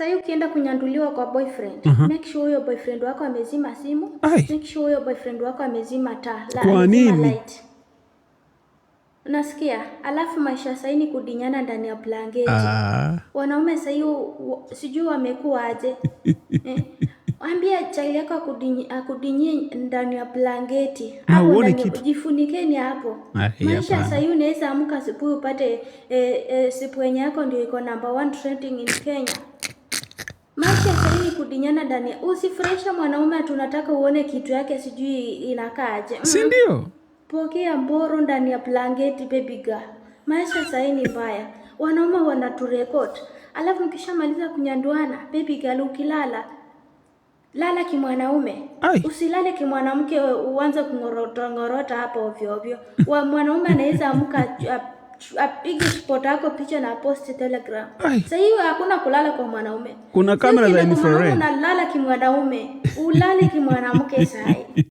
Sasa ukienda kunyanduliwa kwa boyfriend, uh mhm. -huh. Make sure huyo boyfriend wako amezima simu. Ai. Make sure huyo boyfriend wako amezima taa. Kwa nini? Unasikia? Alafu maisha sasa ni kudinyana ndani ya blanketi. Ah. Wanaume sasa hiyo sijui wamekuwa aje. eh. Ambia chali yako akudinyie ndani ya blanketi. Na ah, uone kitu. Jifunikeni hapo. Maisha sasa hiyo unaweza amka siku upate eh, eh, siku yako ndio iko number one trending in Kenya kudinyana ndani. Usifurahisha mwanaume, tunataka uone kitu yake, sijui inakaaje, mm. si ndio? Pokea mboro ndani ya blanketi baby girl. Maisha sasa ni mbaya, wanaume wanaturekod, alafu mkishamaliza kunyanduana baby girl, ukilala lala kimwanaume, usilale kimwanamke, uanze kungorota ngorota hapo ovyo ovyo. Wa mwanaume anaweza amka apige yako picha na post Telegram. Sasa hiyo hakuna kulala kwa mwanaume. Kuna kamera za infrared. Unalala kimwanaume, ulale kimwanamke sai.